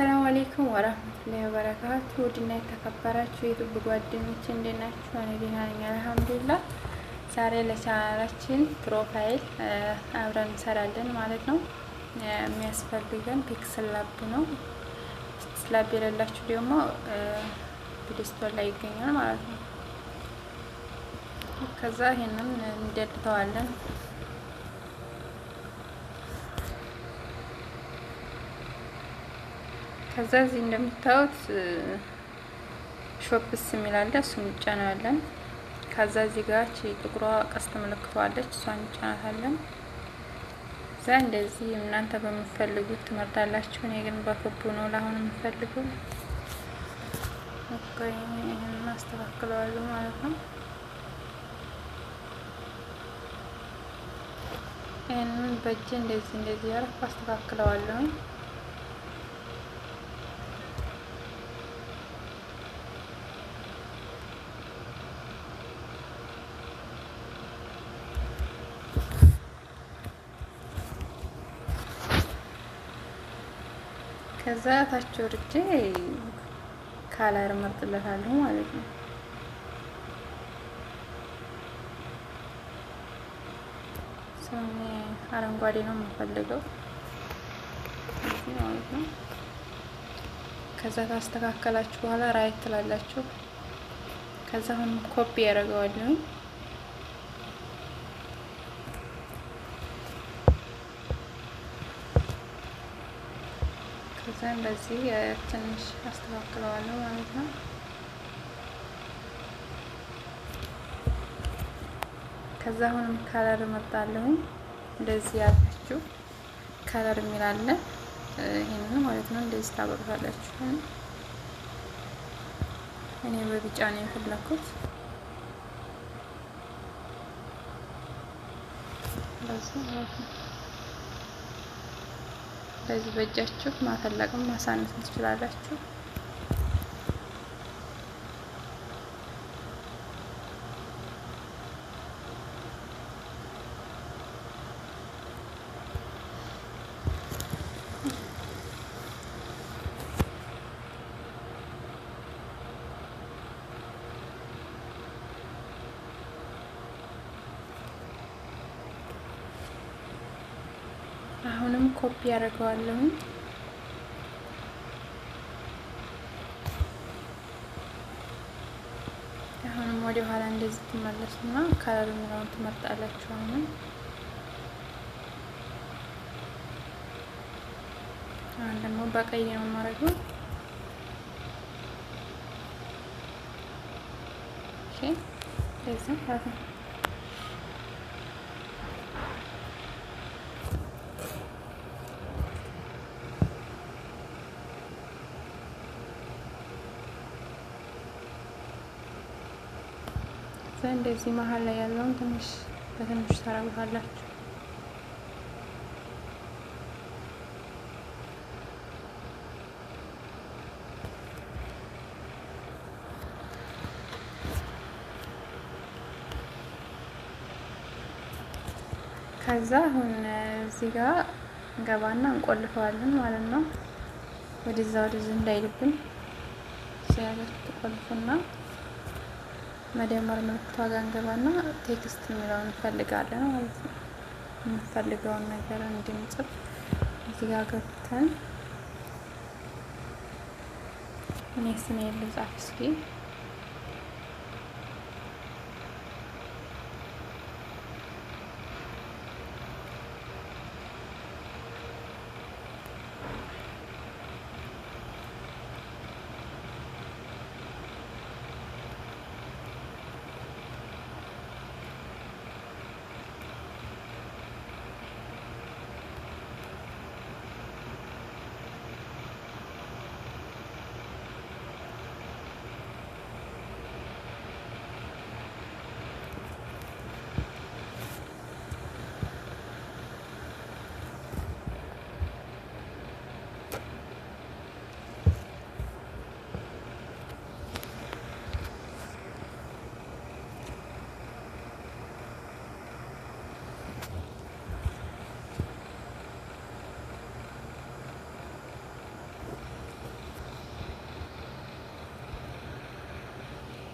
አሰላሙ አሌይኩም ወረህመቱላሂ ወበረካቱ ውድና የተከበራችሁ የዩቱብ ጓደኞች እንዴት ናችሁ? እኔ ደህና ነኝ አልሐምዱሊላህ። ዛሬ ለቻናላችን ፕሮፋይል አብረን እንሰራለን ማለት ነው። የሚያስፈልገን ፒክስል ላብ ነው። ፒክስል ላብ የሌላችሁ ደግሞ ፕሌስቶር ላይ ይገኛል ማለት ነው። ከዛ ይህንን እንደልተዋለን ከዛ እዚህ እንደምታዩት ሾፕስ የሚላለ እሱን እንጫነዋለን። ከዛ እዚህ ጋር ጥቁሯ ቀስት ምልክቷለች እሷን እንጫናታለን። እዛ እንደዚህ እናንተ በምትፈልጉት ትመርጣላችሁ። እኔ ግን በክቡ ነው ለአሁን የምፈልገው። ይህን አስተካክለዋለሁ ማለት ነው። ይህንን በእጅ እንደዚህ እንደዚህ ያረፍ አስተካክለዋለሁኝ። ከዛ ታች ወርጄ ካለር መርጥለታለሁ ማለት ነው። ሰኔ አረንጓዴ ነው የምፈልገው ማለት ነው። ከዛ ታስተካከላችሁ በኋላ ራይት ትላላችሁ። ከዛ አሁን ኮፒ ያደርገዋለሁ። ከዛ በዚህ ትንሽ አስተካክለዋለሁ ማለት ነው። ከዛ አሁንም ከለር መጣለሁ እንደዚህ ያላችሁ ከለር የሚላለ ይሄንን ማለት ነው። እንደዚህ ታበሩታላችሁ። እኔ በቢጫ ነው የፈለኩት። እንደዚህ ማለት ነው። በዚህ በእጃችሁ ማፈለግም ማሳነስ ትችላላችሁ። አሁንም ኮፒ ያደርገዋለሁ። አሁንም ወደ ኋላ እንደዚህ ትመለሱና ከለር የሚለውን ትመርጣላችሁ። አሁንም አሁን ደግሞ በቀይ ነው የማደርገው። ኦኬ ለዚህ እንደዚህ መሀል ላይ ያለውን ትንሽ በትንሽ ታረጉታላችሁ። ከዛ አሁን እዚህ ጋር እንገባና እንቆልፈዋለን ማለት ነው። ወደዛ ወደዚህ እንዳይልብን ሲያገር ትቆልፉና መደመር ምልክቷ ጋር እንገባና ቴክስት የሚለውን እንፈልጋለን ማለት ነው። የምንፈልገውን ነገር እንድንጽፍ እዚህ ጋር ገብተን እኔ ስሜን ልጻፍ እስኪ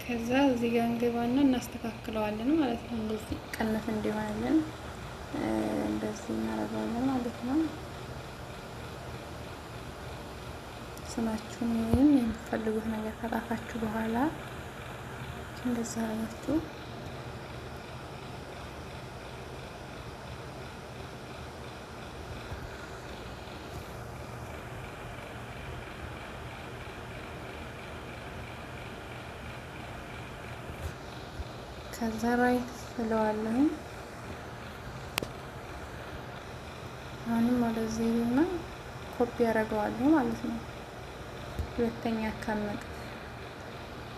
ከዛ እዚህ ጋር እንገባና እናስተካክለዋለን ማለት ነው። እንደዚህ ቀንስ እንዲሆንልን እንደዚህ እናደርገዋለን ማለት ነው። ስማችሁን ወይም የምትፈልጉት ነገር ከጣፋችሁ በኋላ እንደዛ አረጋችሁ ከዛ ራይት ስለዋለሁኝ አሁንም ወደዚህ እና ኮፒ ያደርገዋለሁ ማለት ነው። ሁለተኛ አካመቅ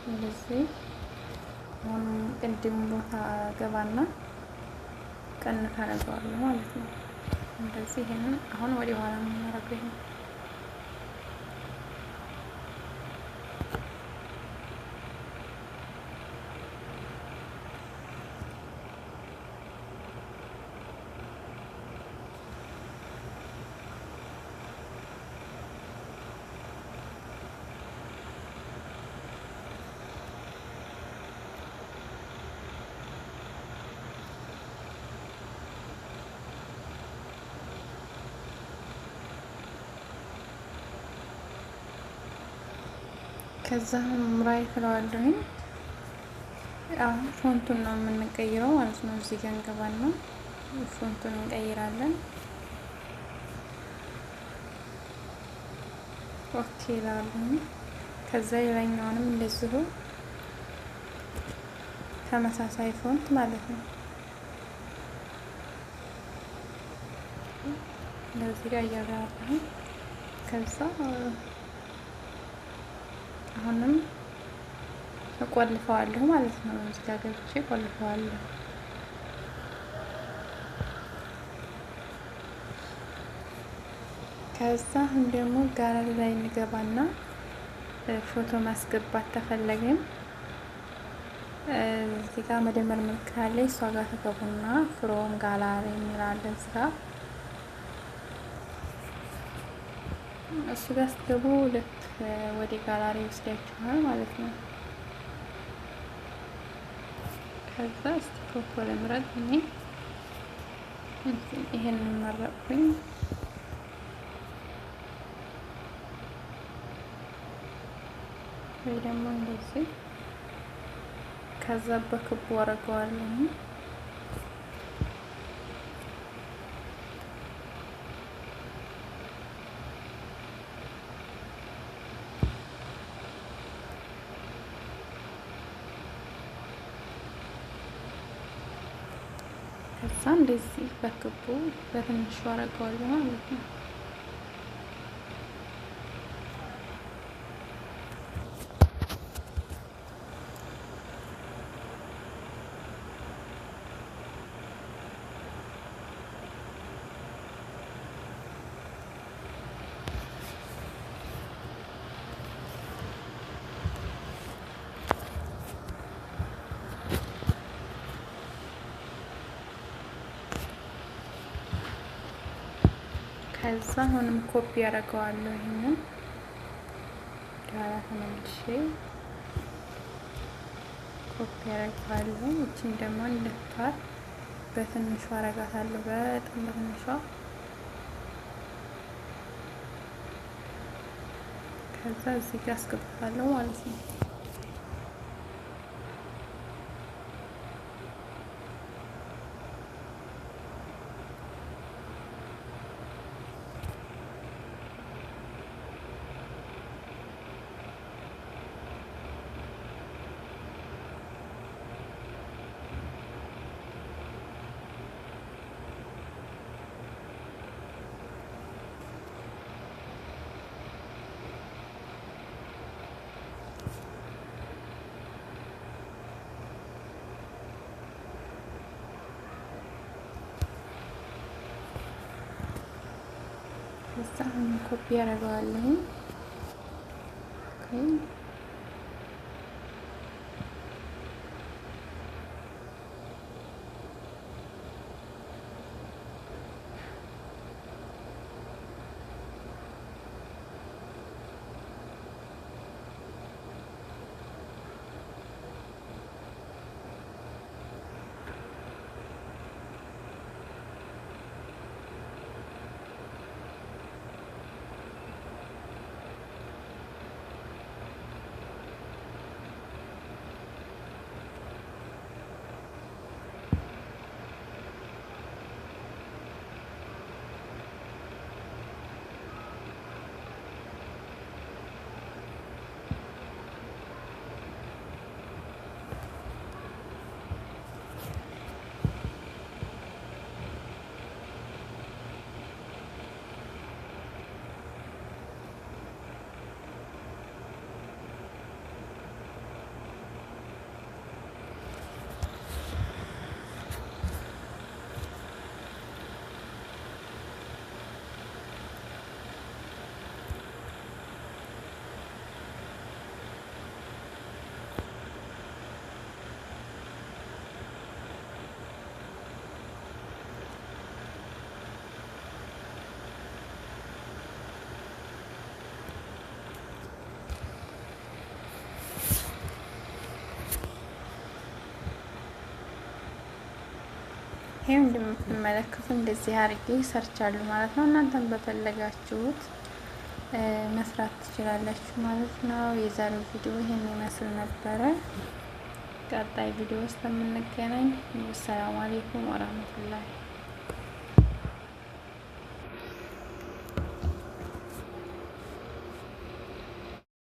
ወደዚህ አሁን ቅድም ቦታ ገባና ቀንፍ አደርገዋለሁ ማለት ነው። እንደዚህ ይሄንን አሁን ወደ ኋላ ነው የምናደርገው ይሄን ከዛ ምራይ ትለዋለሁኝ። አሁን ፎንቱን ነው የምንቀይረው ማለት ነው። እዚህ ጋር እንገባና ፎንቱን እንቀይራለን። ኦኬ ይላሉኝ። ከዛ ሌላኛውንም እንደዚሁ ተመሳሳይ ፎንት ማለት ነው። እንደዚህ ጋር እያበራለሁኝ ከዛ አሁንም እቆልፈዋለሁ ማለት ነው። እዚህ ጋር ገብቼ እቆልፈዋለሁ። ከዛ አሁን ደግሞ ጋራ ላይ እንገባና ፎቶ ማስገባት ተፈለገም እዚህ ጋር መደመር ምልክት አለ። እሷ ጋር ተገቡና ፍሮም ጋላሪ የሚላለን ስራ እሱ ጋር ስትገቡ ልክ ወደ ጋላሪ ይወስዳችኋል ማለት ነው። ከዛ እስቲ ፕሮፖል ምረጥ። እኔ ይሄን መረጥኩኝ። ወይ ደግሞ እንደዚህ ከዛ በክቡ አደርገዋለሁ። ከዛ እንደዚህ በክቡ በትንሹ አረገዋለሁ ማለት ነው። ከዛ አሁንም ኮፒ ያደርገዋለሁ። ይህንን ጋራ ተመልሼ ኮፒ ያደርገዋለሁ። እችን ደግሞ እንደታል በትንሹ አረጋታለሁ። በጣም በትንሿ ከዛ እዚህ ጋር አስገባታለሁ ማለት ነው። አሁን ኮፒ ያደርገዋለሁ። ይሄው እንደምትመለከቱ እንደዚህ አርጌ ሰርቻለሁ ማለት ነው። እናንተም በፈለጋችሁት መስራት ትችላላችሁ ማለት ነው። የዛሬው ቪዲዮ ይሄን ይመስል ነበረ። ቀጣይ ቪዲዮ ውስጥ የምንገናኝ። ሰላም አሌይኩም ወራህመቱላሂ